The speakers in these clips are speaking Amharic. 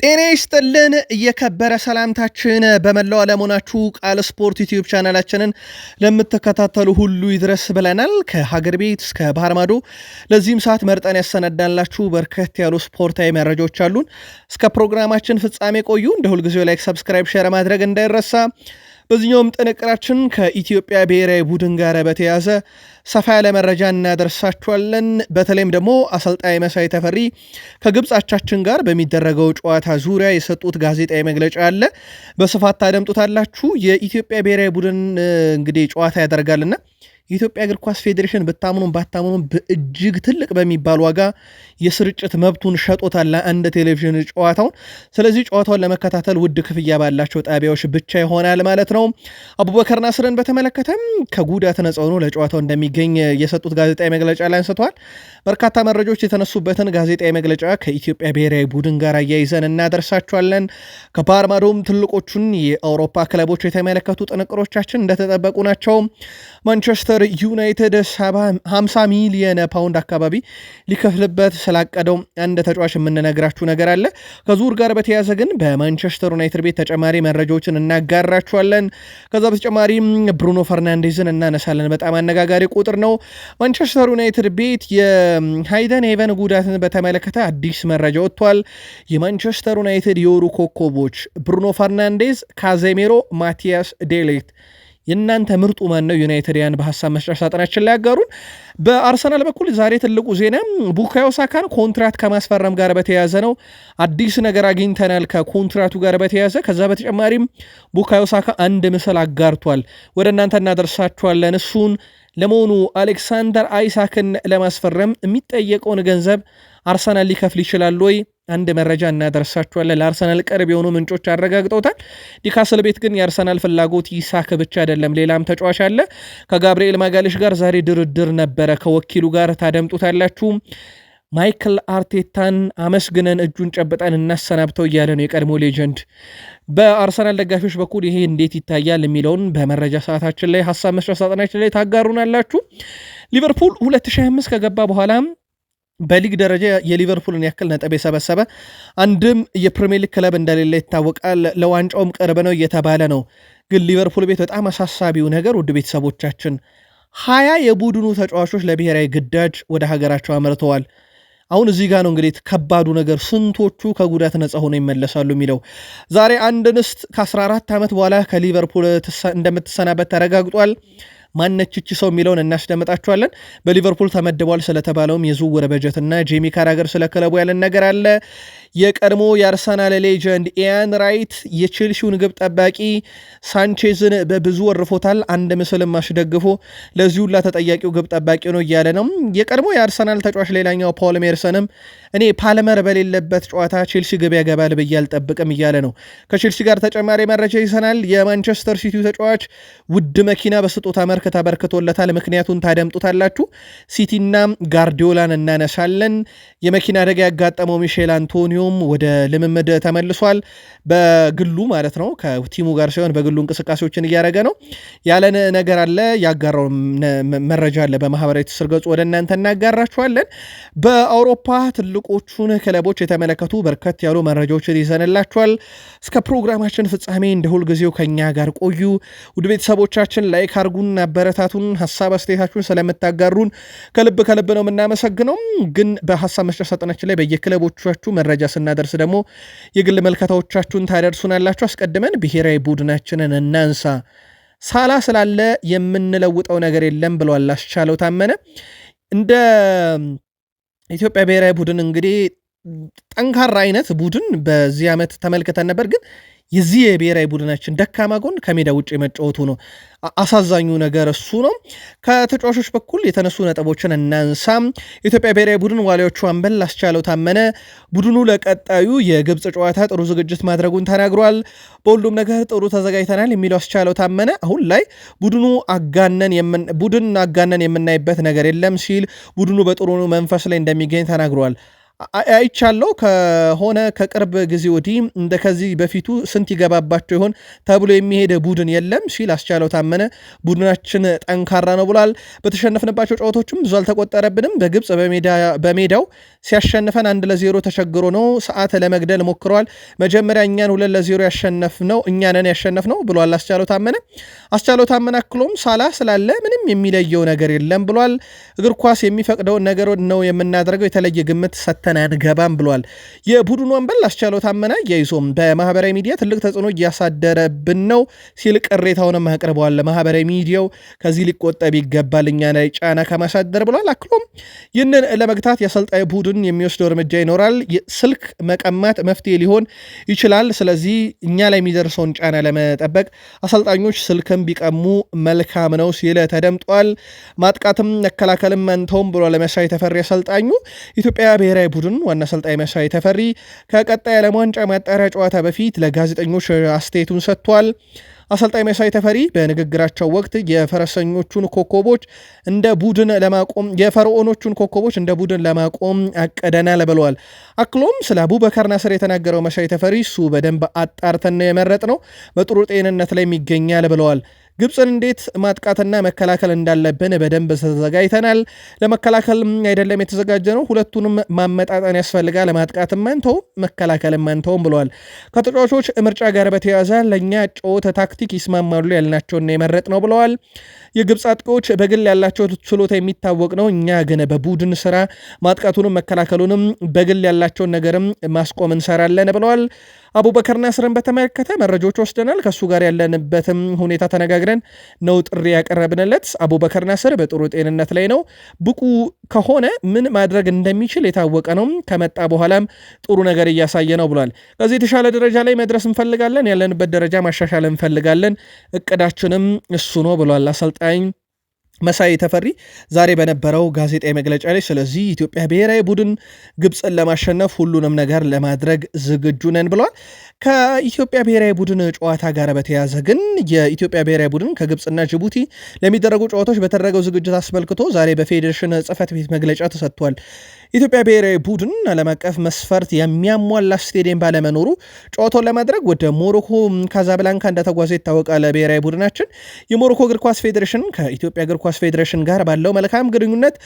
ጤና ይስጥልን እየከበረ ሰላምታችን በመላው አለመሆናችሁ ቃል ስፖርት ዩቲዩብ ቻናላችንን ለምትከታተሉ ሁሉ ይድረስ ብለናል። ከሀገር ቤት እስከ ባህር ማዶ ለዚህም ሰዓት መርጠን ያሰናዳንላችሁ በርከት ያሉ ስፖርታዊ መረጃዎች አሉን። እስከ ፕሮግራማችን ፍጻሜ ቆዩ። እንደ ሁልጊዜው ላይክ፣ ሰብስክራይብ፣ ሼር ማድረግ እንዳይረሳ በዚህኛውም ጥንቅራችን ከኢትዮጵያ ብሔራዊ ቡድን ጋር በተያዘ ሰፋ ያለ መረጃ እናደርሳችኋለን። በተለይም ደግሞ አሰልጣኝ መሳይ ተፈሪ ከግብጻቻችን ጋር በሚደረገው ጨዋታ ዙሪያ የሰጡት ጋዜጣዊ መግለጫ አለ። በስፋት ታደምጡታላችሁ። የኢትዮጵያ ብሔራዊ ቡድን እንግዲህ ጨዋታ ያደርጋልና የኢትዮጵያ እግር ኳስ ፌዴሬሽን ብታምኑም ባታምኑም በእጅግ ትልቅ በሚባል ዋጋ የስርጭት መብቱን ሸጦታል ለአንድ ቴሌቪዥን ጨዋታውን። ስለዚህ ጨዋታውን ለመከታተል ውድ ክፍያ ባላቸው ጣቢያዎች ብቻ ይሆናል ማለት ነው። አቡበከር ናስርን በተመለከተም ከጉዳት ነጻ ሆኖ ለጨዋታው እንደሚገኝ የሰጡት ጋዜጣዊ መግለጫ ላይ አንስተዋል። በርካታ መረጃዎች የተነሱበትን ጋዜጣዊ መግለጫ ከኢትዮጵያ ብሔራዊ ቡድን ጋር አያይዘን እናደርሳቸዋለን። ከፓርማዶም ትልቆቹን የአውሮፓ ክለቦች የተመለከቱ ጥንቅሮቻችን እንደተጠበቁ ናቸው። ማንቸስተር ማንቸስተር ዩናይትድ 50 ሚሊየን ፓውንድ አካባቢ ሊከፍልበት ስላቀደው አንድ ተጫዋች የምንነግራችሁ ነገር አለ። ከዙር ጋር በተያዘ ግን በማንቸስተር ዩናይትድ ቤት ተጨማሪ መረጃዎችን እናጋራችኋለን። ከዛ በተጨማሪም ብሩኖ ፈርናንዴዝን እናነሳለን። በጣም አነጋጋሪ ቁጥር ነው። ማንቸስተር ዩናይትድ ቤት የሃይደን ሄቨን ጉዳትን በተመለከተ አዲስ መረጃ ወጥቷል። የማንቸስተር ዩናይትድ የወሩ ኮከቦች ብሩኖ ፈርናንዴዝ፣ ካዜሜሮ፣ ማቲያስ ዴሌት የእናንተ ምርጡ ማን ነው? ዩናይትድያን በሀሳብ መስጫ ሳጥናችን ላይ ያጋሩን። በአርሰናል በኩል ዛሬ ትልቁ ዜና ቡካዮ ሳካን ኮንትራት ከማስፈረም ጋር በተያያዘ ነው። አዲስ ነገር አግኝተናል ከኮንትራቱ ጋር በተያያዘ። ከዛ በተጨማሪም ቡካዮ ሳካ አንድ ምስል አጋርቷል፣ ወደ እናንተ እናደርሳችኋለን። እሱን ለመሆኑ አሌክሳንደር አይሳክን ለማስፈረም የሚጠየቀውን ገንዘብ አርሰናል ሊከፍል ይችላል ወይ? አንድ መረጃ እናደርሳችኋለን። ለአርሰናል ቅርብ የሆኑ ምንጮች አረጋግጠውታል። ዲካስል ቤት ግን የአርሰናል ፍላጎት ይሳክ ብቻ አይደለም፣ ሌላም ተጫዋች አለ። ከጋብርኤል ማጋሌሽ ጋር ዛሬ ድርድር ነበረ ከወኪሉ ጋር ታደምጡታላችሁ። ማይክል አርቴታን አመስግነን እጁን ጨብጠን እናሰናብተው እያለ ነው የቀድሞ ሌጀንድ። በአርሰናል ደጋፊዎች በኩል ይሄ እንዴት ይታያል የሚለውን በመረጃ ሰዓታችን ላይ ሀሳብ መስጫ ሳጥናችን ላይ ታጋሩናላችሁ። ሊቨርፑል 2025 ከገባ በኋላም በሊግ ደረጃ የሊቨርፑልን ያክል ነጥብ የሰበሰበ አንድም የፕሪሚየር ሊግ ክለብ እንደሌለ ይታወቃል። ለዋንጫውም ቅርብ ነው እየተባለ ነው። ግን ሊቨርፑል ቤት በጣም አሳሳቢው ነገር ውድ ቤተሰቦቻችን ሀያ የቡድኑ ተጫዋቾች ለብሔራዊ ግዳጅ ወደ ሀገራቸው አምርተዋል። አሁን እዚህ ጋር ነው እንግዲህ ከባዱ ነገር ስንቶቹ ከጉዳት ነፃ ሆነው ይመለሳሉ የሚለው። ዛሬ አንድ እንስት ከ14 ዓመት በኋላ ከሊቨርፑል እንደምትሰናበት ተረጋግጧል። ማነችች ሰው የሚለውን እናስደምጣችኋለን። በሊቨርፑል ተመድቧል ስለተባለውም የዝውውር በጀትና ጄሚ ካራገር ስለ ክለቡ ያለን ነገር አለ። የቀድሞ የአርሰናል ሌጀንድ ኤያን ራይት የቼልሲውን ግብ ጠባቂ ሳንቼዝን በብዙ ወርፎታል። አንድ ምስልም አስደግፎ ለዚሁ ሁላ ተጠያቂው ግብ ጠባቂ ነው እያለ ነው። የቀድሞ የአርሰናል ተጫዋች ሌላኛው ፓውል ሜርሰንም እኔ ፓልመር በሌለበት ጨዋታ ቼልሲ ግብ ያገባል ብዬ አልጠብቅም እያለ ነው። ከቼልሲ ጋር ተጨማሪ መረጃ ይዘናል። የማንቸስተር ሲቲ ተጫዋች ውድ መኪና በስጦታ መር መድረክ ተበርክቶለታል። ምክንያቱን ታደምጡታላችሁ። ሲቲና ጋርዲዮላን እናነሳለን። የመኪና አደጋ ያጋጠመው ሚሼል አንቶኒዮም ወደ ልምምድ ተመልሷል። በግሉ ማለት ነው፣ ከቲሙ ጋር ሳይሆን በግሉ እንቅስቃሴዎችን እያደረገ ነው ያለ ነገር አለ። ያጋራው መረጃ አለ በማህበራዊ ትስስር ገጹ ወደ እናንተ እናጋራችኋለን። በአውሮፓ ትልቆቹን ክለቦች የተመለከቱ በርከት ያሉ መረጃዎችን ይዘንላችኋል። እስከ ፕሮግራማችን ፍጻሜ እንደ ሁልጊዜው ከኛ ጋር ቆዩ። ውድ ቤተሰቦቻችን ላይክ አርጉና ስለምታበረታቱን ሀሳብ አስተያየታችሁን ስለምታጋሩን ከልብ ከልብ ነው የምናመሰግነው። ግን በሀሳብ መስጫ ሳጥናችን ላይ በየክለቦቻችሁ መረጃ ስናደርስ ደግሞ የግል መልከታዎቻችሁን ታደርሱናላችሁ። አስቀድመን ብሔራዊ ቡድናችንን እናንሳ። ሳላ ስላለ የምንለውጠው ነገር የለም ብሏል አስቻለው ታመነ። እንደ ኢትዮጵያ ብሔራዊ ቡድን እንግዲህ ጠንካራ አይነት ቡድን በዚህ ዓመት ተመልክተን ነበር ግን የዚህ የብሔራዊ ቡድናችን ደካማ ጎን ከሜዳ ውጭ የመጫወቱ ነው። አሳዛኙ ነገር እሱ ነው። ከተጫዋቾች በኩል የተነሱ ነጥቦችን እናንሳ። የኢትዮጵያ ብሔራዊ ቡድን ዋሊያዎቹ አምበል አስቻለው ታመነ ቡድኑ ለቀጣዩ የግብፅ ጨዋታ ጥሩ ዝግጅት ማድረጉን ተናግሯል። በሁሉም ነገር ጥሩ ተዘጋጅተናል የሚለው አስቻለው ታመነ አሁን ላይ ቡድኑ አጋነን ቡድን አጋነን የምናይበት ነገር የለም ሲል ቡድኑ በጥሩ መንፈስ ላይ እንደሚገኝ ተናግሯል። አይቻለው ከሆነ ከቅርብ ጊዜ ወዲህ እንደ ከዚህ በፊቱ ስንት ይገባባቸው ይሆን ተብሎ የሚሄድ ቡድን የለም ሲል አስቻለው ታመነ ቡድናችን ጠንካራ ነው ብሏል። በተሸነፍንባቸው ጨዋታዎችም ብዙ አልተቆጠረብንም። በግብፅ በሜዳው ሲያሸንፈን አንድ ለዜሮ ተቸግሮ ነው ሰዓት ለመግደል ሞክረዋል። መጀመሪያ እኛን ሁለት ለዜሮ ያሸነፍነው እኛንን ያሸነፍነው ብሏል አስቻለው ታመነ። አስቻለው ታመነ አክሎም ሳላ ስላለ ምንም የሚለየው ነገር የለም ብሏል። እግር ኳስ የሚፈቅደውን ነገር ነው የምናደርገው የተለየ ግምት ሰተ ተነካክተን አንገባም ብሏል። የቡድኑ አምበል አስቻለው ታመነ የይሶም በማህበራዊ ሚዲያ ትልቅ ተጽዕኖ እያሳደረብን ነው ሲል ቅሬታውንም አቅርበዋል። ለማህበራዊ ሚዲያው ከዚህ ሊቆጠብ ይገባል እኛ ላይ ጫና ከማሳደር ብሏል። አክሎም ይህንን ለመግታት የአሰልጣኝ ቡድን የሚወስደው እርምጃ ይኖራል። ስልክ መቀማት መፍትሄ ሊሆን ይችላል። ስለዚህ እኛ ላይ የሚደርሰውን ጫና ለመጠበቅ አሰልጣኞች ስልክም ቢቀሙ መልካም ነው ሲል ተደምጧል። ማጥቃትም መከላከልም መንተውም ብሎ ለመሳ የተፈሪ አሰልጣኙ ኢትዮጵያ ብሔራዊ ቡድን ዋና አሰልጣኝ መሳይ ተፈሪ ከቀጣይ ዓለም ዋንጫ ማጣሪያ ጨዋታ በፊት ለጋዜጠኞች አስተያየቱን ሰጥቷል። አሰልጣኝ መሳይ ተፈሪ በንግግራቸው ወቅት የፈረሰኞቹን ኮከቦች እንደ ቡድን ለማቆም የፈርዖኖቹን ኮከቦች እንደ ቡድን ለማቆም አቅደናል ብለዋል። አክሎም ስለ አቡበከር ናስር የተናገረው መሳይ ተፈሪ እሱ በደንብ አጣርተን የመረጥ ነው፣ በጥሩ ጤንነት ላይ ይገኛል ብለዋል። ግብፅን እንዴት ማጥቃትና መከላከል እንዳለብን በደንብ ተዘጋጅተናል። ለመከላከል አይደለም የተዘጋጀ ነው፣ ሁለቱንም ማመጣጠን ያስፈልጋል። ማጥቃትም አንተውም፣ መከላከልም አንተውም ብለዋል። ከተጫዋቾች ምርጫ ጋር በተያያዘ ለእኛ ጨዋታ ታክቲክ ይስማማሉ ያልናቸውና የመረጥ ነው ብለዋል። የግብፅ አጥቂዎች በግል ያላቸው ችሎታ የሚታወቅ ነው። እኛ ግን በቡድን ስራ ማጥቃቱንም መከላከሉንም በግል ያላቸውን ነገርም ማስቆም እንሰራለን ብለዋል። አቡበከር ናስርን በተመለከተ መረጃዎች ወስደናል። ከእሱ ጋር ያለንበትም ሁኔታ ተነጋግረን ነው ጥሪ ያቀረብንለት። አቡበከር ናስር በጥሩ ጤንነት ላይ ነው። ብቁ ከሆነ ምን ማድረግ እንደሚችል የታወቀ ነው። ከመጣ በኋላም ጥሩ ነገር እያሳየ ነው ብሏል። ከዚህ የተሻለ ደረጃ ላይ መድረስ እንፈልጋለን። ያለንበት ደረጃ ማሻሻል እንፈልጋለን። እቅዳችንም እሱ ነው ብሏል አሰልጣኝ መሳይ ተፈሪ ዛሬ በነበረው ጋዜጣዊ መግለጫ ላይ ስለዚህ ኢትዮጵያ ብሔራዊ ቡድን ግብፅን ለማሸነፍ ሁሉንም ነገር ለማድረግ ዝግጁ ነን ብለዋል። ከኢትዮጵያ ብሔራዊ ቡድን ጨዋታ ጋር በተያዘ ግን የኢትዮጵያ ብሔራዊ ቡድን ከግብፅና ጅቡቲ ለሚደረጉ ጨዋታዎች በተደረገው ዝግጅት አስመልክቶ ዛሬ በፌዴሬሽን ጽፈት ቤት መግለጫ ተሰጥቷል። ኢትዮጵያ ብሔራዊ ቡድን ዓለም አቀፍ መስፈርት የሚያሟላ ስቴዲየም ባለመኖሩ ጨዋታውን ለማድረግ ወደ ሞሮኮ ካዛብላንካ እንደተጓዘ ይታወቃል። ብሔራዊ ቡድናችን የሞሮኮ እግር ኳስ ፌዴሬሽን ከኢትዮጵያ እግር ኳስ ፌዴሬሽን ጋር ባለው መልካም ግንኙነት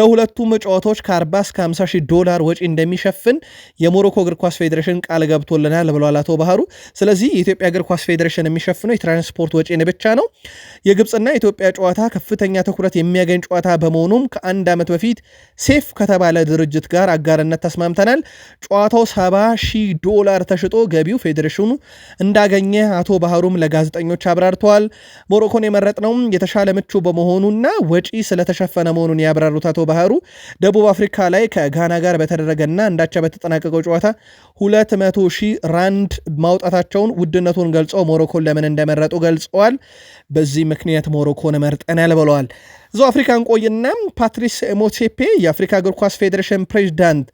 ለሁለቱም ጨዋታዎች ከ40 እስከ 50 ሺህ ዶላር ወጪ እንደሚሸፍን የሞሮኮ እግር ኳስ ፌዴሬሽን ቃል ገብቶልናል ብለዋል አቶ ባህሩ። ስለዚህ የኢትዮጵያ እግር ኳስ ፌዴሬሽን የሚሸፍነው የትራንስፖርት ወጪን ብቻ ነው። የግብፅና ኢትዮጵያ ጨዋታ ከፍተኛ ትኩረት የሚያገኝ ጨዋታ በመሆኑም ከአንድ ዓመት በፊት ሴፍ ከተባለ ድርጅት ጋር አጋርነት ተስማምተናል። ጨዋታው ሰባ ሺህ ዶላር ተሽጦ ገቢው ፌዴሬሽኑ እንዳገኘ አቶ ባህሩም ለጋዜጠኞች አብራርተዋል። ሞሮኮን የመረጥነው የተሻለ ምቹ በመሆኑና ወጪ ስለተሸፈነ መሆኑን ያብራሩት አቶ ባህሩ ደቡብ አፍሪካ ላይ ከጋና ጋር በተደረገና እንዳቻ በተጠናቀቀው ጨዋታ 200 ሺህ ራንድ ማውጣታቸውን ውድነቱን ገልጸው ሞሮኮን ለምን እንደመረጡ ገልጸዋል። በዚህ ምክንያት ሞሮኮን መርጠናል ብለዋል። እዛው አፍሪካን ቆይና ፓትሪስ ሞሴፔ የአፍሪካ እግር ኳስ ፌዴሬሽን ፕሬዚዳንት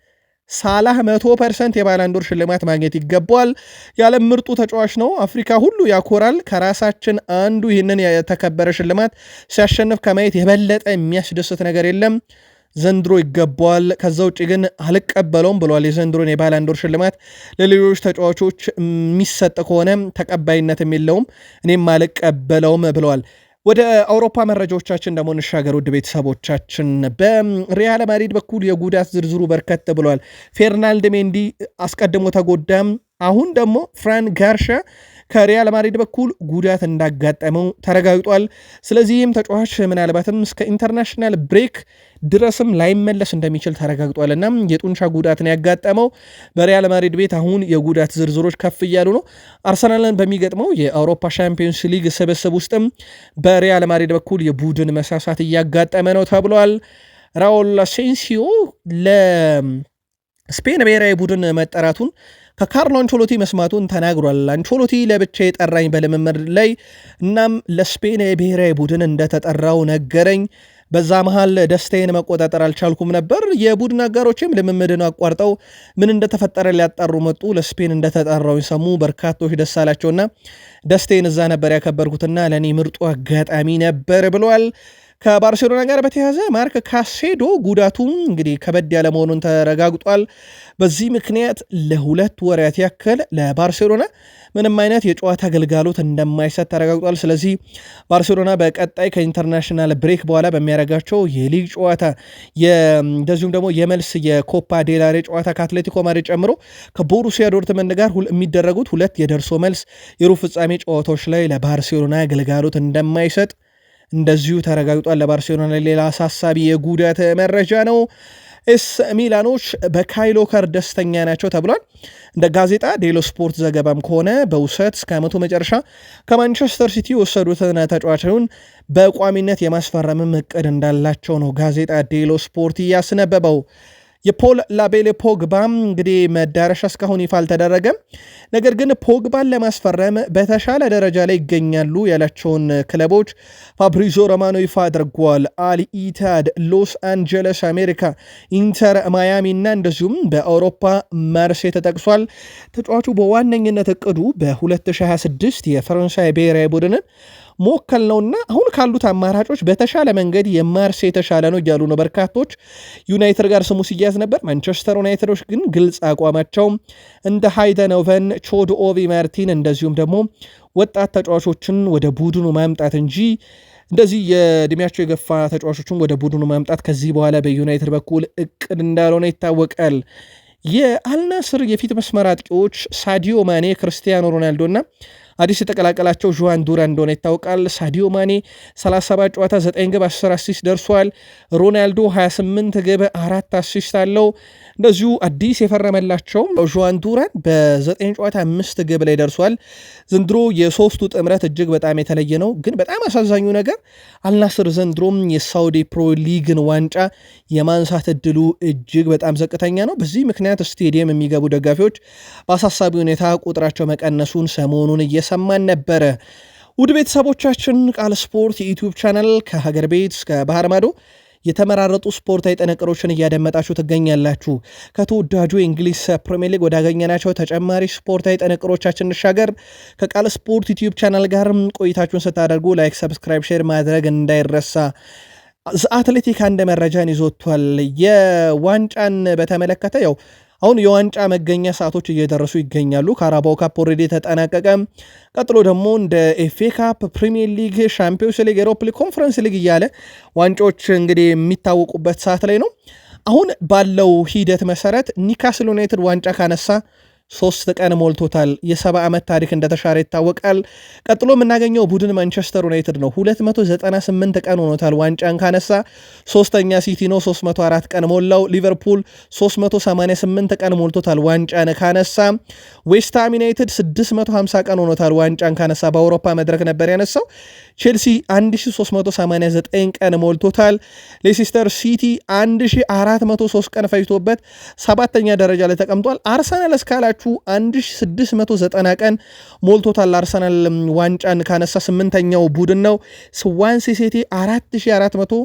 ሳላህ መቶ ፐርሰንት የባላንዶር ሽልማት ማግኘት ይገባዋል። የዓለም ምርጡ ተጫዋች ነው። አፍሪካ ሁሉ ያኮራል። ከራሳችን አንዱ ይህንን የተከበረ ሽልማት ሲያሸንፍ ከማየት የበለጠ የሚያስደስት ነገር የለም። ዘንድሮ ይገባዋል። ከዛ ውጭ ግን አልቀበለውም ብለዋል። የዘንድሮን የባላንዶር ሽልማት ለሌሎች ተጫዋቾች የሚሰጥ ከሆነ ተቀባይነትም የለውም፣ እኔም አልቀበለውም ብለዋል። ወደ አውሮፓ መረጃዎቻችን ደግሞ እንሻገር። ውድ ቤተሰቦቻችን በሪያል ማድሪድ በኩል የጉዳት ዝርዝሩ በርከት ብሏል። ፌርናልድ ሜንዲ አስቀድሞ ተጎዳም። አሁን ደግሞ ፍራን ጋርሻ ከሪያል ማድሪድ በኩል ጉዳት እንዳጋጠመው ተረጋግጧል። ስለዚህም ተጫዋች ምናልባትም እስከ ኢንተርናሽናል ብሬክ ድረስም ላይመለስ እንደሚችል ተረጋግጧል። እና የጡንቻ ጉዳት ነው ያጋጠመው። በሪያል ማድሪድ ቤት አሁን የጉዳት ዝርዝሮች ከፍ እያሉ ነው። አርሰናልን በሚገጥመው የአውሮፓ ሻምፒዮንስ ሊግ ስብስብ ውስጥም በሪያል ማድሪድ በኩል የቡድን መሳሳት እያጋጠመ ነው ተብሏል። ራውል አሴንሲዮ ለስፔን ብሔራዊ ቡድን መጠራቱን ከካርሎ አንቾሎቲ መስማቱን ተናግሯል። አንቾሎቲ ለብቻ የጠራኝ በልምምድ ላይ እናም ለስፔን የብሔራዊ ቡድን እንደተጠራው ነገረኝ። በዛ መሃል ደስታዬን መቆጣጠር አልቻልኩም ነበር። የቡድን አጋሮችም ልምምድን አቋርጠው ምን እንደተፈጠረ ሊያጣሩ መጡ። ለስፔን እንደተጠራው ሰሙ። በርካቶች ደስ አላቸውና ደስታዬን እዛ ነበር ያከበርኩትና ለእኔ ምርጡ አጋጣሚ ነበር ብለዋል። ከባርሴሎና ጋር በተያያዘ ማርክ ካሴዶ ጉዳቱም እንግዲህ ከበድ ያለ መሆኑን ተረጋግጧል። በዚህ ምክንያት ለሁለት ወራት ያክል ለባርሴሎና ምንም አይነት የጨዋታ አገልጋሎት እንደማይሰጥ ተረጋግጧል። ስለዚህ ባርሴሎና በቀጣይ ከኢንተርናሽናል ብሬክ በኋላ በሚያደርጋቸው የሊግ ጨዋታ እንደዚሁም ደግሞ የመልስ የኮፓ ዴላሬ ጨዋታ ከአትሌቲኮ ማድሪድ ጨምሮ ከቦሩሲያ ዶርትመንድ ጋር የሚደረጉት ሁለት የደርሶ መልስ የሩብ ፍጻሜ ጨዋታዎች ላይ ለባርሴሎና አገልጋሎት እንደማይሰጥ እንደዚሁ ተረጋግጧል። ለባርሴሎና ሌላ አሳሳቢ የጉዳት መረጃ ነው። ኤስ ሚላኖች በካይሎከር ደስተኛ ናቸው ተብሏል። እንደ ጋዜጣ ዴሎ ስፖርት ዘገባም ከሆነ በውሰት እስከ ዓመቱ መጨረሻ ከማንቸስተር ሲቲ የወሰዱትን ተጫዋቹን በቋሚነት የማስፈረምም እቅድ እንዳላቸው ነው ጋዜጣ ዴሎ ስፖርት እያስነበበው። የፖል ላቤሌ ፖግባም እንግዲህ መዳረሻ እስካሁን ይፋ አልተደረገም። ነገር ግን ፖግባን ለማስፈረም በተሻለ ደረጃ ላይ ይገኛሉ ያላቸውን ክለቦች ፋብሪዞ ሮማኖ ይፋ አድርጓል። አል ኢታድ፣ ሎስ አንጀለስ አሜሪካ፣ ኢንተር ማያሚ እና እንደዚሁም በአውሮፓ መርሴ ተጠቅሷል። ተጫዋቹ በዋነኝነት እቅዱ በ2026 የፈረንሳይ ብሔራዊ ቡድንን ሞከል ነውና አሁን ካሉት አማራጮች በተሻለ መንገድ የማርሴ የተሻለ ነው እያሉ ነው በርካቶች። ዩናይትድ ጋር ስሙ ሲያዝ ነበር። ማንቸስተር ዩናይትዶች ግን ግልጽ አቋማቸው እንደ ሃይደኖቨን፣ ቾድ ኦቪ ማርቲን እንደዚሁም ደግሞ ወጣት ተጫዋቾችን ወደ ቡድኑ ማምጣት እንጂ እንደዚህ የእድሜያቸው የገፋ ተጫዋቾችን ወደ ቡድኑ ማምጣት ከዚህ በኋላ በዩናይትድ በኩል እቅድ እንዳልሆነ ይታወቃል። የአልናስር የፊት መስመር አጥቂዎች ሳዲዮ ማኔ፣ ክርስቲያኖ ሮናልዶ እና አዲስ የተቀላቀላቸው ዥዋን ዱራ እንደሆነ ይታወቃል። ሳዲዮ ማኔ 37 ጨዋታ 9 ግብ 10 አሲስት ደርሷል። ሮናልዶ 28 ግብ 4 አሲስት አለው። እንደዚሁ አዲስ የፈረመላቸውም ዥዋን ዱራን በ9 ጨዋታ 5 ግብ ላይ ደርሷል። ዘንድሮ የሶስቱ ጥምረት እጅግ በጣም የተለየ ነው። ግን በጣም አሳዛኙ ነገር አልናስር ዘንድሮም የሳውዲ ፕሮ ሊግን ዋንጫ የማንሳት እድሉ እጅግ በጣም ዘቅተኛ ነው። በዚህ ምክንያት ስቴዲየም የሚገቡ ደጋፊዎች በአሳሳቢ ሁኔታ ቁጥራቸው መቀነሱን ሰሞኑን እየ እየሰማን ነበረ። ውድ ቤተሰቦቻችን ቃል ስፖርት የዩቲዩብ ቻናል ከሀገር ቤት እስከ ባህር ማዶ የተመራረጡ ስፖርታዊ ጥንቅሮችን እያደመጣችሁ ትገኛላችሁ። ከተወዳጁ የእንግሊዝ ፕሪሚየር ሊግ ወዳገኘናቸው ተጨማሪ ስፖርታዊ ጥንቅሮቻችን እንሻገር። ከቃል ስፖርት ዩቲዩብ ቻናል ጋር ቆይታችሁን ስታደርጉ ላይክ፣ ሰብስክራይብ፣ ሼር ማድረግ እንዳይረሳ። አትሌቲክ አንድ መረጃን ይዞቷል። የዋንጫን በተመለከተ ያው አሁን የዋንጫ መገኛ ሰዓቶች እየደረሱ ይገኛሉ። ካራባው ካፕ ኦልሬዲ ተጠናቀቀ። ቀጥሎ ደግሞ እንደ ኤፌ ካፕ፣ ፕሪሚየር ሊግ፣ ሻምፒዮንስ ሊግ፣ ኤሮፕ ሊግ፣ ኮንፈረንስ ሊግ እያለ ዋንጫዎች እንግዲህ የሚታወቁበት ሰዓት ላይ ነው። አሁን ባለው ሂደት መሰረት ኒካስል ዩናይትድ ዋንጫ ካነሳ ሶስት ቀን ሞልቶታል። የሰባ ዓመት ታሪክ እንደተሻረ ይታወቃል። ቀጥሎ የምናገኘው ቡድን ማንቸስተር ዩናይትድ ነው። 298 ቀን ሆኖታል ዋንጫን ካነሳ። ሶስተኛ ሲቲ ነው፣ 304 ቀን ሞላው። ሊቨርፑል 388 ቀን ሞልቶታል ዋንጫን ካነሳ። ዌስትሃም ዩናይትድ 650 ቀን ሆኖታል ዋንጫን ካነሳ። በአውሮፓ መድረክ ነበር ያነሳው ቼልሲ 1389 ቀን ሞልቶታል። ሌሲስተር ሲቲ 1403 ቀን ፈጅቶበት ሰባተኛ ደረጃ ላይ ተቀምጧል። አርሰናል እስካላችሁ 1690 ቀን ሞልቶታል። አርሰናል ዋንጫን ካነሳ ስምንተኛው ቡድን ነው። ስዋንሲ ሲቲ 4400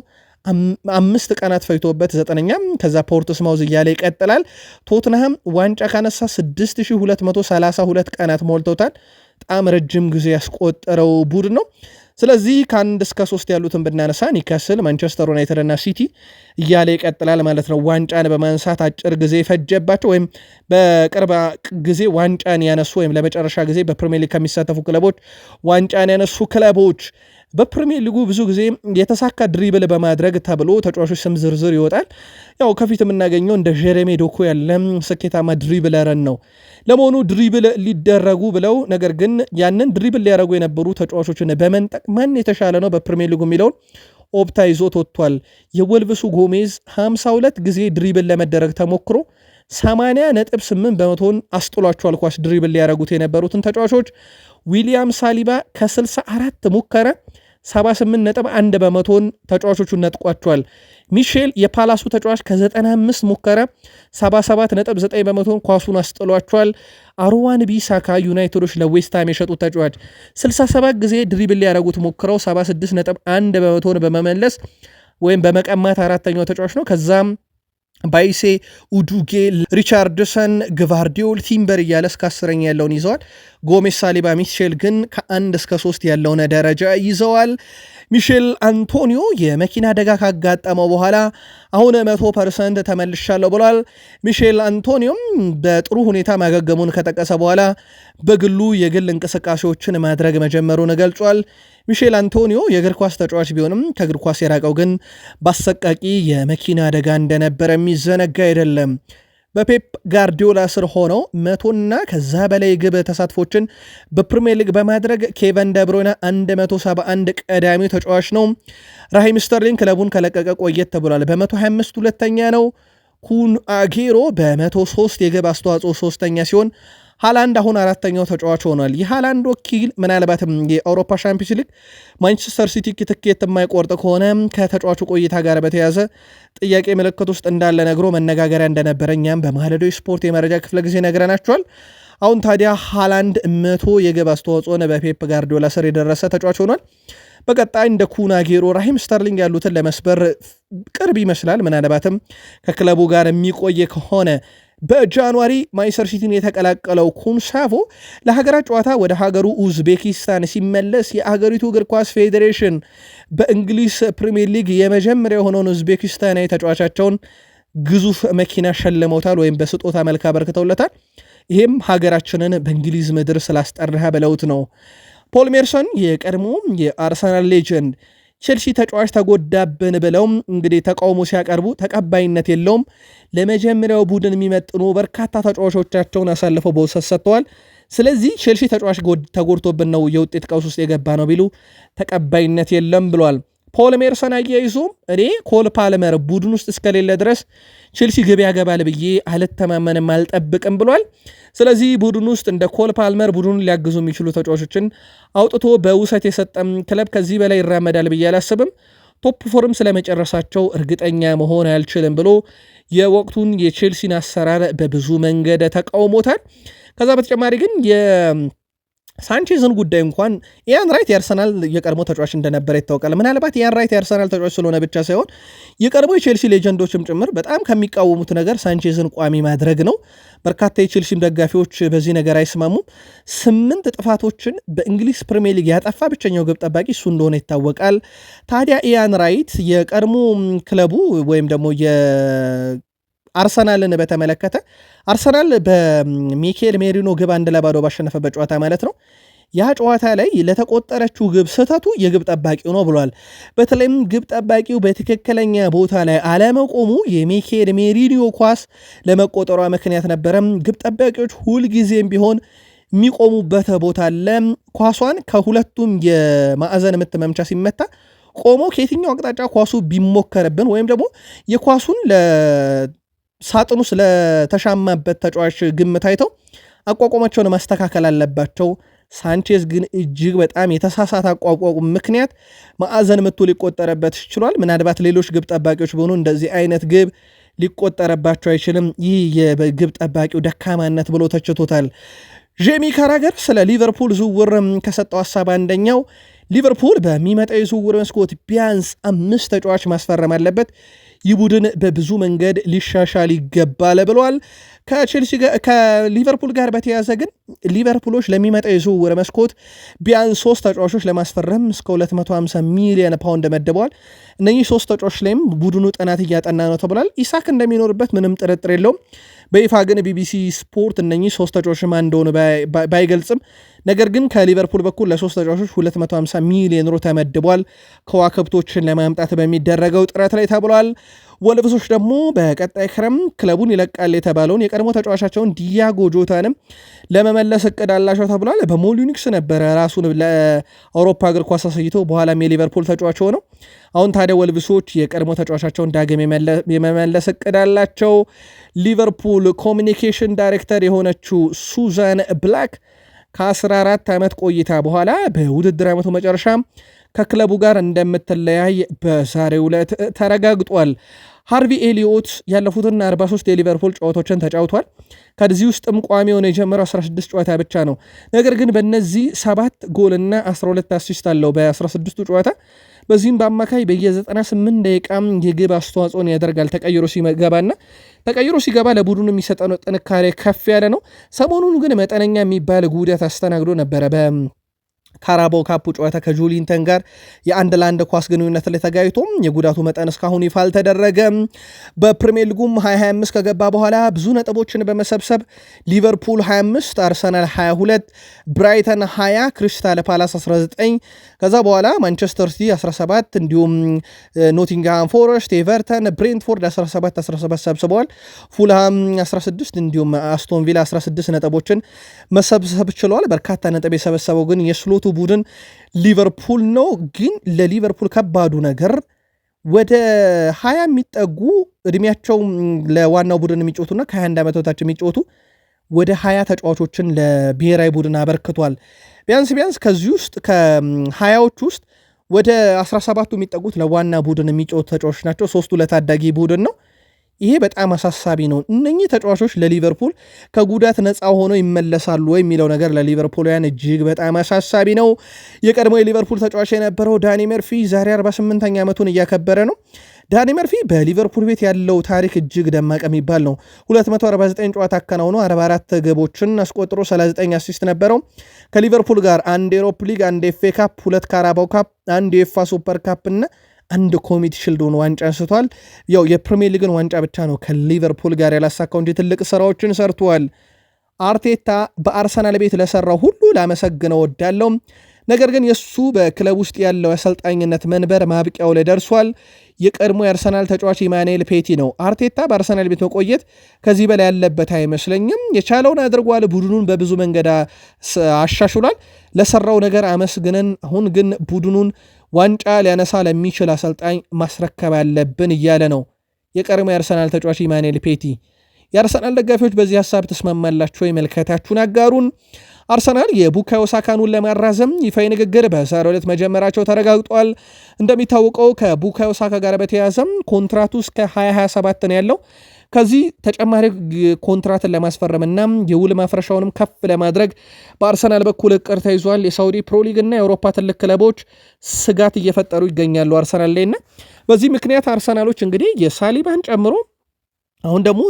አምስት ቀናት ፈጅቶበት ዘጠነኛ። ከዛ ማውዝ እያለ ይቀጥላል። ቶትናሃም ዋንጫ ካነሳ 6232 ቀናት ሞልቶታል። በጣም ረጅም ጊዜ ያስቆጠረው ቡድን ነው። ስለዚህ ከአንድ እስከ ሶስት ያሉትን ብናነሳ ኒከስል፣ ማንቸስተር ዩናይትድ እና ሲቲ እያለ ይቀጥላል ማለት ነው። ዋንጫን በማንሳት አጭር ጊዜ ፈጀባቸው ወይም በቅርብ ጊዜ ዋንጫን ያነሱ ወይም ለመጨረሻ ጊዜ በፕሪሚየር ሊግ ከሚሳተፉ ክለቦች ዋንጫን ያነሱ ክለቦች በፕሪሚየር ሊጉ ብዙ ጊዜ የተሳካ ድሪብል በማድረግ ተብሎ ተጫዋቾች ስም ዝርዝር ይወጣል። ያው ከፊት የምናገኘው እንደ ጀሬሜ ዶኩ ያለ ስኬታማ ድሪብለርን ነው። ለመሆኑ ድሪብል ሊደረጉ ብለው ነገር ግን ያንን ድሪብል ሊያደረጉ የነበሩ ተጫዋቾችን በመንጠቅ ማን የተሻለ ነው በፕሪሚየር ሊጉ የሚለውን ኦፕታ ይዞት ወጥቷል። የወልቭሱ ጎሜዝ 52 ጊዜ ድሪብል ለመደረግ ተሞክሮ 80.8 በመቶን አስጥሏቸዋል። ኳስ ድሪብል ሊያደረጉት የነበሩትን ተጫዋቾች ዊሊያም ሳሊባ ከ64 ሙከራ 78.1 በመቶን ተጫዋቾቹን ነጥቋቸዋል። ሚሼል የፓላሱ ተጫዋች ከ95 ሙከራ 77.9 በመቶን ኳሱን አስጥሏቸዋል። አሩዋን ቢሳካ ዩናይትዶች ለዌስትሃም የሸጡት ተጫዋች 67 ጊዜ ድሪብል ያደረጉት ሞክረው 76.1 በመቶን በመመለስ ወይም በመቀማት አራተኛው ተጫዋች ነው። ከዛም ባይሴ፣ ኡዱጌ፣ ሪቻርድሰን፣ ግቫርዲዮል፣ ቲምበር እያለ እስከ አስረኛ ያለውን ይዘዋል። ጎሜስ፣ ሳሊባ፣ ሚሼል ግን ከአንድ እስከ ሶስት ያለውን ደረጃ ይዘዋል። ሚሼል አንቶኒዮ የመኪና አደጋ ካጋጠመው በኋላ አሁን መቶ ፐርሰንት ተመልሻለሁ ብሏል። ሚሼል አንቶኒዮም በጥሩ ሁኔታ ማገገሙን ከጠቀሰ በኋላ በግሉ የግል እንቅስቃሴዎችን ማድረግ መጀመሩን ገልጿል። ሚሼል አንቶኒዮ የእግር ኳስ ተጫዋች ቢሆንም ከእግር ኳስ የራቀው ግን በአሰቃቂ የመኪና አደጋ እንደነበረ የሚዘነጋ አይደለም። በፔፕ ጋርዲዮላ ስር ሆነው መቶና ከዛ በላይ ግብ ተሳትፎችን በፕሪምየር ሊግ በማድረግ ኬቨን ደብሮይና 171 ቀዳሚው ተጫዋች ነው። ራሂም ስተርሊንግ ክለቡን ከለቀቀ ቆየት ተብሏል። በ125 ሁለተኛ ነው። ኩን አጌሮ በ103 የግብ አስተዋጽኦ ሶስተኛ ሲሆን ሃላንድ አሁን አራተኛው ተጫዋች ሆኗል። የሃላንድ ወኪል ምናልባትም የአውሮፓ ሻምፒዮንስ ሊግ ማንቸስተር ሲቲ ትኬት የማይቆርጥ ከሆነ ከተጫዋቹ ቆይታ ጋር በተያዘ ጥያቄ ምልክት ውስጥ እንዳለ ነግሮ መነጋገሪያ እንደነበረ እኛም በማለዳው ስፖርት የመረጃ ክፍለ ጊዜ ነግረናቸዋል። አሁን ታዲያ ሃላንድ መቶ የግብ አስተዋጽኦን በፔፕ ጋርዲዮላ ስር የደረሰ ተጫዋች ሆኗል። በቀጣይ እንደ ኩናጌሮ ራሂም ስተርሊንግ ያሉትን ለመስበር ቅርብ ይመስላል። ምናልባትም ከክለቡ ጋር የሚቆይ ከሆነ በጃንዋሪ ማንችስተር ሲቲን የተቀላቀለው ኩንሳቮ ለሀገራት ጨዋታ ወደ ሀገሩ ኡዝቤኪስታን ሲመለስ የአገሪቱ እግር ኳስ ፌዴሬሽን በእንግሊዝ ፕሪሚየር ሊግ የመጀመሪያ የሆነውን ኡዝቤኪስታናዊ ተጫዋቻቸውን ግዙፍ መኪና ሸልመውታል ወይም በስጦታ መልክ አበርክተውለታል። ይህም ሀገራችንን በእንግሊዝ ምድር ስላስጠራ ብለውት ነው። ፖል ሜርሰን የቀድሞ የአርሰናል ሌጀንድ ቸልሲ ተጫዋች ተጎዳብን ብለው እንግዲህ ተቃውሞ ሲያቀርቡ ተቀባይነት የለውም። ለመጀመሪያው ቡድን የሚመጥኑ በርካታ ተጫዋቾቻቸውን አሳልፈው በውሰት ሰጥተዋል። ስለዚህ ቼልሲ ተጫዋች ተጎድቶብን ነው የውጤት ቀውስ ውስጥ የገባ ነው ቢሉ ተቀባይነት የለም ብሏል። ፖል ሜርሰን አያይዞም እኔ ኮል ፓልመር ቡድን ውስጥ እስከሌለ ድረስ ቼልሲ ግብ ያገባል ብዬ አልተማመንም አልጠብቅም ብሏል። ስለዚህ ቡድን ውስጥ እንደ ኮል ፓልመር ቡድኑን ሊያግዙ የሚችሉ ተጫዋቾችን አውጥቶ በውሰት የሰጠም ክለብ ከዚህ በላይ ይራመዳል ብዬ አላስብም። ቶፕ ፎርም ስለመጨረሳቸው እርግጠኛ መሆን አልችልም ብሎ የወቅቱን የቼልሲን አሰራር በብዙ መንገድ ተቃውሞታል። ከዛ በተጨማሪ ግን ሳንቼዝን ጉዳይ እንኳን ኢያን ራይት የአርሰናል የቀድሞ ተጫዋች እንደነበረ ይታወቃል። ምናልባት ኢያን ራይት የአርሰናል ተጫዋች ስለሆነ ብቻ ሳይሆን የቀድሞ የቼልሲ ሌጀንዶችም ጭምር በጣም ከሚቃወሙት ነገር ሳንቼዝን ቋሚ ማድረግ ነው። በርካታ የቼልሲም ደጋፊዎች በዚህ ነገር አይስማሙም። ስምንት ጥፋቶችን በእንግሊዝ ፕሪሚየር ሊግ ያጠፋ ብቸኛው ግብ ጠባቂ እሱ እንደሆነ ይታወቃል። ታዲያ ኢያን ራይት የቀድሞ ክለቡ ወይም ደግሞ አርሰናልን በተመለከተ አርሰናል በሚኬል ሜሪኖ ግብ አንድ ለባዶ ባሸነፈበት ጨዋታ ማለት ነው ያ ጨዋታ ላይ ለተቆጠረችው ግብ ስህተቱ የግብ ጠባቂው ነው ብሏል። በተለይም ግብ ጠባቂው በትክክለኛ ቦታ ላይ አለመቆሙ የሚኬል ሜሪኖ ኳስ ለመቆጠሯ ምክንያት ነበረም። ግብ ጠባቂዎች ሁልጊዜም ቢሆን የሚቆሙበት ቦታ አለ። ኳሷን ከሁለቱም የማዕዘን ምት መምቻ ሲመታ ቆሞ ከየትኛው አቅጣጫ ኳሱ ቢሞከርብን ወይም ደግሞ የኳሱን ሳጥኑ ስለተሻማበት ተጫዋች ግምት አይተው አቋቋማቸውን ማስተካከል አለባቸው። ሳንቼዝ ግን እጅግ በጣም የተሳሳተ አቋቋም ምክንያት ማዕዘን ምቱ ሊቆጠረበት ችሏል። ምናልባት ሌሎች ግብ ጠባቂዎች በሆኑ እንደዚህ አይነት ግብ ሊቆጠረባቸው አይችልም። ይህ የግብ ጠባቂው ደካማነት ብሎ ተችቶታል። ጄሚ ካራገር ስለ ሊቨርፑል ዝውውር ከሰጠው ሀሳብ አንደኛው ሊቨርፑል በሚመጣው የዝውውር መስኮት ቢያንስ አምስት ተጫዋች ማስፈረም አለበት። ይህ ቡድን በብዙ መንገድ ሊሻሻል ይገባል ብለዋል። ከሊቨርፑል ጋር በተያያዘ ግን ሊቨርፑሎች ለሚመጣ የዝውውር መስኮት ቢያንስ ሶስት ተጫዋቾች ለማስፈረም እስከ 250 ሚሊዮን ፓውንድ መድበዋል። እነኚህ ሶስት ተጫዋቾች ላይም ቡድኑ ጥናት እያጠና ነው ተብሏል። ኢሳክ እንደሚኖርበት ምንም ጥርጥር የለውም። በይፋ ግን ቢቢሲ ስፖርት እነኚህ ሶስት ተጫዋቾች ማን እንደሆኑ ባይገልጽም ነገር ግን ከሊቨርፑል በኩል ለሶስት ተጫዋቾች 250 ሚሊዮን ሮ ተመድቧል። ከዋክብቶችን ለማምጣት በሚደረገው ጥረት ላይ ተብሏል። ወልብሶች ደግሞ በቀጣይ ክረም ክለቡን ይለቃል የተባለውን የቀድሞ ተጫዋቻቸውን ዲያጎ ጆታንም ለመመለስ እቅድ አላቸው ተብሏል። በሞሊኒክስ ነበረ ራሱን ለአውሮፓ እግር ኳስ አሳይቶ በኋላም የሊቨርፑል ተጫዋች ሆነው አሁን ታዲያ ወልብሶች የቀድሞ ተጫዋቻቸውን ዳግም የመመለስ እቅድ አላቸው። ሊቨርፑል ኮሚኒኬሽን ዳይሬክተር የሆነችው ሱዛን ብላክ ከ14 ዓመት ቆይታ በኋላ በውድድር ዓመቱ መጨረሻ ከክለቡ ጋር እንደምትለያይ በዛሬው ዕለት ተረጋግጧል። ሃርቪ ኤሊዮት ያለፉትና 43 የሊቨርፑል ጨዋታዎችን ተጫውቷል። ከዚህ ውስጥም ቋሚ የሆነ የጀመረው 16 ጨዋታ ብቻ ነው። ነገር ግን በእነዚህ 7 ጎልና 12 አሲስት አለው በ16ቱ ጨዋታ። በዚህም በአማካይ በየ98 ደቂቃም የግብ አስተዋጽኦን ያደርጋል ተቀይሮ ሲገባና ተቀይሮ ሲገባ ለቡድኑ የሚሰጠነው ጥንካሬ ከፍ ያለ ነው። ሰሞኑን ግን መጠነኛ የሚባል ጉዳት አስተናግዶ ነበረ በ ካራባው ካፑ ጨዋታ ከጁሊንተን ጋር የአንድ ለአንድ ኳስ ግንኙነት ላይ ተጋይቶም የጉዳቱ መጠን እስካሁን ይፋ አልተደረገም። በፕሪሚየር ሊጉም 2025 ከገባ በኋላ ብዙ ነጥቦችን በመሰብሰብ ሊቨርፑል 25፣ አርሰናል 22፣ ብራይተን 20፣ ክሪስታል ፓላስ 19 ከዛ በኋላ ማንቸስተር ሲቲ 17 እንዲሁም ኖቲንግሃም ፎረስት፣ ኤቨርተን፣ ብሬንትፎርድ 17 17 ሰብስበዋል። ፉልሃም 16 እንዲሁም አስቶንቪላ 16 ነጥቦችን መሰብሰብ ችለዋል። በርካታ ነጥብ የሰበሰበው ግን የስሎ የወቅቱ ቡድን ሊቨርፑል ነው። ግን ለሊቨርፑል ከባዱ ነገር ወደ ሀያ የሚጠጉ እድሜያቸው ለዋናው ቡድን የሚጫወቱና ከ21 ዓመት በታች የሚጫወቱ ወደ ሀያ ተጫዋቾችን ለብሔራዊ ቡድን አበርክቷል። ቢያንስ ቢያንስ ከዚህ ውስጥ ከሀያዎች ውስጥ ወደ 17ቱ የሚጠጉት ለዋና ቡድን የሚጫወቱ ተጫዋቾች ናቸው። ሶስቱ ለታዳጊ ቡድን ነው። ይሄ በጣም አሳሳቢ ነው። እነኚህ ተጫዋቾች ለሊቨርፑል ከጉዳት ነፃ ሆነው ይመለሳሉ ወይ የሚለው ነገር ለሊቨርፑልያን እጅግ በጣም አሳሳቢ ነው። የቀድሞ የሊቨርፑል ተጫዋች የነበረው ዳኒ መርፊ ዛሬ 48ኛ ዓመቱን እያከበረ ነው። ዳኒ መርፊ በሊቨርፑል ቤት ያለው ታሪክ እጅግ ደማቅ የሚባል ነው። 249 ጨዋታ አከናውኖ 44 ግቦችን አስቆጥሮ 39 አሲስት ነበረው። ከሊቨርፑል ጋር አንድ ኤሮፕ ሊግ፣ አንድ ኤፌ ካፕ፣ ሁለት ካራባው ካፕ፣ አንድ የኤፋ ሱፐር ካፕ እና አንድ ኮሚቴ ሽልዶን ዋንጫ አንስቷል። ያው የፕሪሚየር ሊግን ዋንጫ ብቻ ነው ከሊቨርፑል ጋር ያላሳካው እንጂ ትልቅ ስራዎችን ሰርቷል። አርቴታ በአርሰናል ቤት ለሰራው ሁሉ ላመሰግነው ወዳለው ነገር ግን የእሱ በክለብ ውስጥ ያለው የአሰልጣኝነት መንበር ማብቂያው ላይ ደርሷል። የቀድሞ የአርሰናል ተጫዋች ኢማኑኤል ፔቲ ነው። አርቴታ በአርሰናል ቤት መቆየት ከዚህ በላይ ያለበት አይመስለኝም። የቻለውን አድርጓል። ቡድኑን በብዙ መንገድ አሻሽሏል። ለሰራው ነገር አመስግነን አሁን ግን ቡድኑን ዋንጫ ሊያነሳ ለሚችል አሰልጣኝ ማስረከብ ያለብን እያለ ነው የቀድሞ የአርሰናል ተጫዋች ኢማኑኤል ፔቲ። የአርሰናል ደጋፊዎች በዚህ ሀሳብ ተስማማላቸው? የመልከታችሁን አጋሩን። አርሰናል የቡካዮ ሳካኑን ለማራዘም ይፋዊ ንግግር በዛሬው ዕለት መጀመራቸው ተረጋግጧል። እንደሚታወቀው ከቡካዮ ሳካ ጋር በተያያዘም ኮንትራቱ እስከ 2027 ነው ያለው። ከዚህ ተጨማሪ ኮንትራትን ለማስፈረምና የውል ማፍረሻውንም ከፍ ለማድረግ በአርሰናል በኩል እቅድ ተይዟል። የሳውዲ እና የአውሮፓ ትልቅ ክለቦች ስጋት እየፈጠሩ ይገኛሉ አርሰናል ላይና በዚህ ምክንያት አርሰናሎች እንግዲህ የሳሊባን ጨምሮ አሁን ደግሞ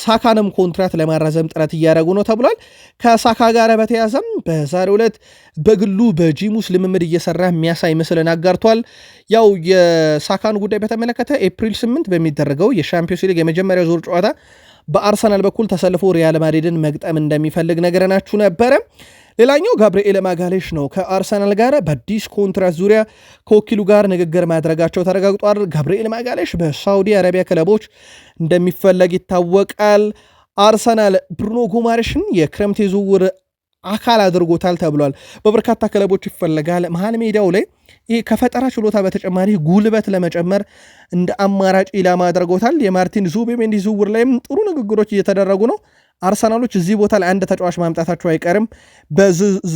ሳካንም ኮንትራት ለማራዘም ጥረት እያደረጉ ነው ተብሏል። ከሳካ ጋር በተያዘም በዛሬው ዕለት በግሉ በጂሙስ ልምምድ እየሰራ የሚያሳይ ምስልን አጋርቷል። ያው የሳካን ጉዳይ በተመለከተ ኤፕሪል 8 በሚደረገው የሻምፒዮንስ ሊግ የመጀመሪያ ዙር ጨዋታ በአርሰናል በኩል ተሰልፎ ሪያል ማድሪድን መግጠም እንደሚፈልግ ነገረናችሁ ነበረ። ሌላኛው ጋብርኤል ማጋሌሽ ነው። ከአርሰናል ጋር በአዲስ ኮንትራት ዙሪያ ከወኪሉ ጋር ንግግር ማድረጋቸው ተረጋግጧል። ጋብርኤል ማጋሌሽ በሳውዲ አረቢያ ክለቦች እንደሚፈለግ ይታወቃል። አርሰናል ብሩኖ ጉማሬሽን የክረምት ዝውውር አካል አድርጎታል ተብሏል። በበርካታ ክለቦች ይፈለጋል። መሀል ሜዳው ላይ ይህ ከፈጠራ ችሎታ በተጨማሪ ጉልበት ለመጨመር እንደ አማራጭ ኢላማ አድርጎታል። የማርቲን ዙቢሜንዲ ዝውውር ላይም ጥሩ ንግግሮች እየተደረጉ ነው። አርሰናሎች እዚህ ቦታ ላይ አንድ ተጫዋች ማምጣታቸው አይቀርም።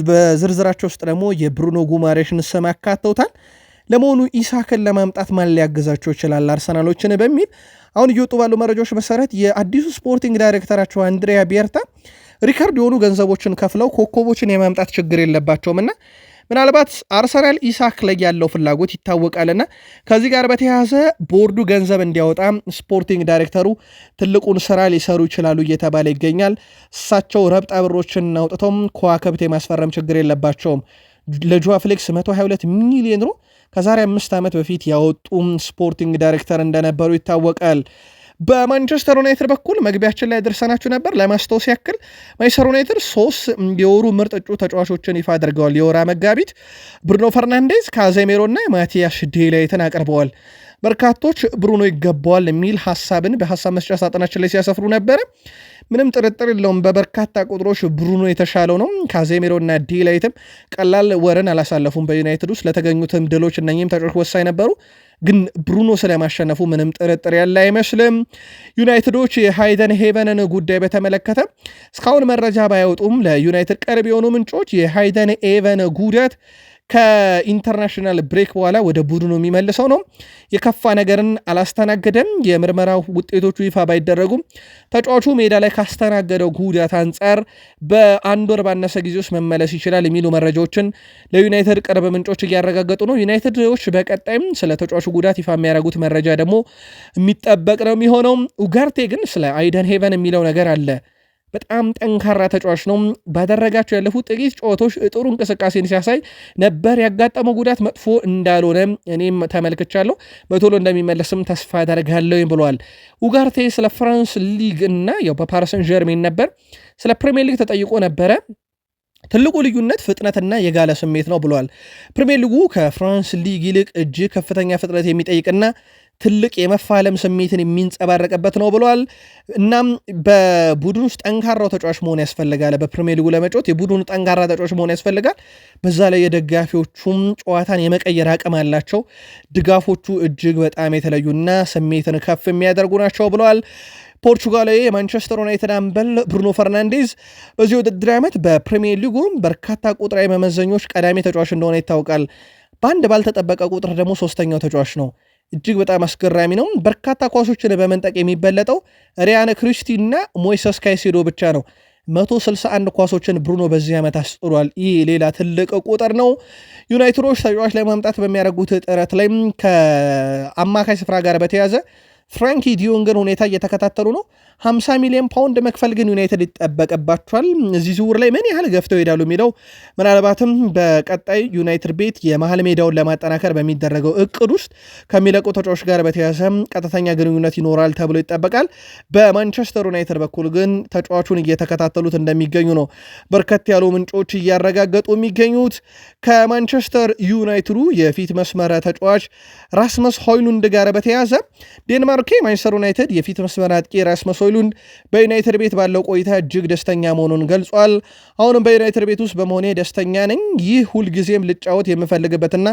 በዝርዝራቸው ውስጥ ደግሞ የብሩኖ ጉማሬሽን ስም አካተውታል። ለመሆኑ ኢሳክን ለማምጣት ማን ሊያግዛቸው ይችላል አርሰናሎችን በሚል አሁን እየወጡ ባሉ መረጃዎች መሰረት የአዲሱ ስፖርቲንግ ዳይሬክተራቸው አንድሪያ ቤርታ ሪከርድ የሆኑ ገንዘቦችን ከፍለው ኮከቦችን የማምጣት ችግር የለባቸውም እና ምናልባት አርሰናል ኢሳክ ላይ ያለው ፍላጎት ይታወቃልና ከዚህ ጋር በተያያዘ ቦርዱ ገንዘብ እንዲያወጣ ስፖርቲንግ ዳይሬክተሩ ትልቁን ስራ ሊሰሩ ይችላሉ እየተባለ ይገኛል። እሳቸው ረብጣ ብሮችን አውጥተውም ከዋክብት የማስፈረም ችግር የለባቸውም። ለጁዋ ፍሌክስ 122 ሚሊዮን ሮ ከዛሬ አምስት ዓመት በፊት ያወጡ ስፖርቲንግ ዳይሬክተር እንደነበሩ ይታወቃል። በማንቸስተር ዩናይትድ በኩል መግቢያችን ላይ ደርሰናችሁ ነበር። ለማስታወስ ያክል ማንቸስተር ዩናይትድ ሶስት የወሩ ምርጥ እጩ ተጫዋቾችን ይፋ አድርገዋል። የወራ መጋቢት ብሩኖ ፈርናንዴዝ፣ ካዜሜሮና ማቲያስ ዴላይትን አቅርበዋል። በርካቶች ብሩኖ ይገባዋል የሚል ሀሳብን በሀሳብ መስጫ ሳጥናችን ላይ ሲያሰፍሩ ነበረ። ምንም ጥርጥር የለውም፣ በበርካታ ቁጥሮች ብሩኖ የተሻለው ነው። እና ዲላይትም ቀላል ወርን አላሳለፉም። በዩናይትድ ውስጥ ለተገኙትም ድሎች እነኚህም ተጫዋች ወሳኝ ነበሩ። ግን ብሩኖ ስለማሸነፉ ምንም ጥርጥር ያለ አይመስልም። ዩናይትዶች የሃይደን ሄቨንን ጉዳይ በተመለከተ እስካሁን መረጃ ባያወጡም ለዩናይትድ ቅርብ የሆኑ ምንጮች የሃይደን ኤቨን ጉደት ከኢንተርናሽናል ብሬክ በኋላ ወደ ቡድኑ የሚመልሰው ነው። የከፋ ነገርን አላስተናገደም። የምርመራ ውጤቶቹ ይፋ ባይደረጉም ተጫዋቹ ሜዳ ላይ ካስተናገደው ጉዳት አንጻር በአንድ ወር ባነሰ ጊዜ ውስጥ መመለስ ይችላል የሚሉ መረጃዎችን ለዩናይትድ ቅርብ ምንጮች እያረጋገጡ ነው። ዩናይትዶች በቀጣይም ስለ ተጫዋቹ ጉዳት ይፋ የሚያደርጉት መረጃ ደግሞ የሚጠበቅ ነው የሚሆነው። ኡጋርቴ ግን ስለ አይደን ሄቨን የሚለው ነገር አለ በጣም ጠንካራ ተጫዋች ነው። ባደረጋቸው ያለፉት ጥቂት ጨዋታዎች ጥሩ እንቅስቃሴን ሲያሳይ ነበር። ያጋጠመው ጉዳት መጥፎ እንዳልሆነ እኔም ተመልክቻለሁ። በቶሎ እንደሚመለስም ተስፋ አደርጋለሁ ብለዋል። ኡጋርቴ ስለ ፍራንስ ሊግ እና ያው በፓሪሰን ጀርሜን ነበር ስለ ፕሪሚየር ሊግ ተጠይቆ ነበረ። ትልቁ ልዩነት ፍጥነትና የጋለ ስሜት ነው ብለዋል። ፕሪሚየር ሊጉ ከፍራንስ ሊግ ይልቅ እጅግ ከፍተኛ ፍጥነት የሚጠይቅና ትልቅ የመፋለም ስሜትን የሚንጸባረቅበት ነው ብሏል። እናም በቡድን ውስጥ ጠንካራው ተጫዋች መሆን ያስፈልጋል። በፕሪሚየር ሊጉ ለመጫወት የቡድኑ ጠንካራ ተጫዋች መሆን ያስፈልጋል። በዛ ላይ የደጋፊዎቹም ጨዋታን የመቀየር አቅም አላቸው። ድጋፎቹ እጅግ በጣም የተለዩና ስሜትን ከፍ የሚያደርጉ ናቸው ብለዋል። ፖርቹጋላዊ የማንቸስተር ዩናይትድ አምበል ብሩኖ ፈርናንዴዝ በዚህ ውድድር ዓመት በፕሪሚየር ሊጉ በርካታ ቁጥራዊ መመዘኞች ቀዳሚ ተጫዋች እንደሆነ ይታወቃል። በአንድ ባልተጠበቀ ቁጥር ደግሞ ሶስተኛው ተጫዋች ነው። እጅግ በጣም አስገራሚ ነው። በርካታ ኳሶችን በመንጠቅ የሚበለጠው ሪያን ክሪስቲ እና ሞይሰስ ካይሴዶ ብቻ ነው። 161 ኳሶችን ብሩኖ በዚህ ዓመት አስጥሯል። ይህ ሌላ ትልቅ ቁጥር ነው። ዩናይትዶች ተጫዋች ለማምጣት በሚያደርጉት ጥረት ላይ ከአማካይ ስፍራ ጋር በተያያዘ ፍራንኪ ዲዮንግን ሁኔታ እየተከታተሉ ነው። 50 ሚሊዮን ፓውንድ መክፈል ግን ዩናይትድ ይጠበቅባቸዋል። እዚህ ዝውውር ላይ ምን ያህል ገፍተው ይሄዳሉ የሚለው ምናልባትም በቀጣይ ዩናይትድ ቤት የመሀል ሜዳውን ለማጠናከር በሚደረገው እቅድ ውስጥ ከሚለቁ ተጫዋቾች ጋር በተያያዘ ቀጥተኛ ግንኙነት ይኖራል ተብሎ ይጠበቃል። በማንቸስተር ዩናይትድ በኩል ግን ተጫዋቹን እየተከታተሉት እንደሚገኙ ነው በርከት ያሉ ምንጮች እያረጋገጡ የሚገኙት። ከማንቸስተር ዩናይትዱ የፊት መስመር ተጫዋች ራስመስ ሆይሉንድ ጋር በተያያዘ ዴንማርኬ ማንቸስተር ዩናይትድ የፊት መስመር አጥቂ ራስመስ ሆይሉንድ በዩናይትድ ቤት ባለው ቆይታ እጅግ ደስተኛ መሆኑን ገልጿል። አሁንም በዩናይትድ ቤት ውስጥ በመሆኔ ደስተኛ ነኝ። ይህ ሁልጊዜም ልጫወት የምፈልግበትና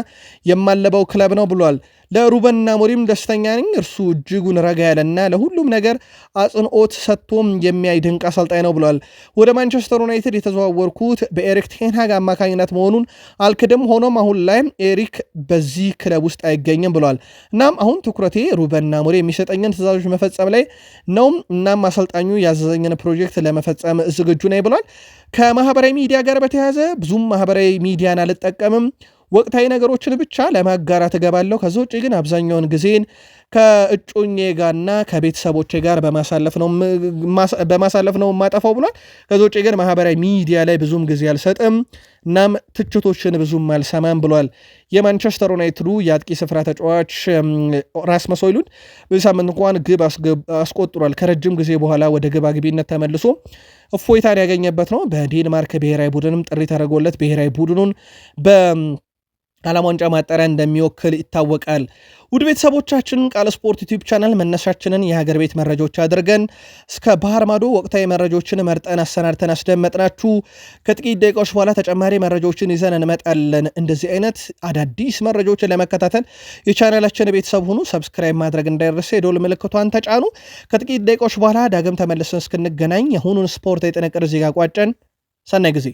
የማለበው ክለብ ነው ብሏል። ለሩበን አሞሪም ደስተኛ ነኝ። እርሱ እጅጉን ረጋ ያለና ለሁሉም ነገር አጽንኦት ሰጥቶም የሚያይ ድንቅ አሰልጣኝ ነው ብሏል። ወደ ማንቸስተር ዩናይትድ የተዘዋወርኩት በኤሪክ ቴንሃግ አማካኝነት መሆኑን አልክድም። ሆኖም አሁን ላይ ኤሪክ በዚህ ክለብ ውስጥ አይገኝም ብሏል። እናም አሁን ትኩረቴ ሩበን አሞሪ የሚሰጠኝን ትእዛዞች መፈጸም ላይ ነው። እናም አሰልጣኙ ያዘዘኝን ፕሮጀክት ለመፈጸም ዝግጁ ነኝ ብሏል። ከማህበራዊ ሚዲያ ጋር በተያያዘ ብዙም ማህበራዊ ሚዲያን አልጠቀምም ወቅታዊ ነገሮችን ብቻ ለማጋራት እገባለሁ። ከዚ ውጭ ግን አብዛኛውን ጊዜን ከእጩኜ ጋርና ከቤተሰቦቼ ጋር በማሳለፍ ነው ማጠፋው ብሏል። ከዚ ውጭ ግን ማህበራዊ ሚዲያ ላይ ብዙም ጊዜ አልሰጥም፣ እናም ትችቶችን ብዙም አልሰማም ብሏል። የማንቸስተር ዩናይትዱ የአጥቂ ስፍራ ተጫዋች ራስመስ ሆይሉንድ በዚህ ሳምንት እንኳን ግብ አስቆጥሯል። ከረጅም ጊዜ በኋላ ወደ ግብ አግቢነት ተመልሶ እፎይታን ያገኘበት ነው። በዴንማርክ ብሔራዊ ቡድንም ጥሪ ተደርጎለት ብሔራዊ ቡድኑን በ የዓለም ዋንጫ ማጣሪያ እንደሚወክል ይታወቃል። ውድ ቤተሰቦቻችን ቃል ስፖርት ዩቲዩብ ቻናል መነሻችንን የሀገር ቤት መረጃዎች አድርገን እስከ ባህር ማዶ ወቅታዊ መረጃዎችን መርጠን አሰናድተን አስደመጥናችሁ። ከጥቂት ደቂቃዎች በኋላ ተጨማሪ መረጃዎችን ይዘን እንመጣለን። እንደዚህ አይነት አዳዲስ መረጃዎችን ለመከታተል የቻናላችን ቤተሰብ ሁኑ። ሰብስክራይብ ማድረግ እንዳይረሳ፣ የደወል ምልክቷን ተጫኑ። ከጥቂት ደቂቃዎች በኋላ ዳግም ተመልሰን እስክንገናኝ የአሁኑን ስፖርት የጥንቅር ዜጋ ቋጨን። ሰናይ ጊዜ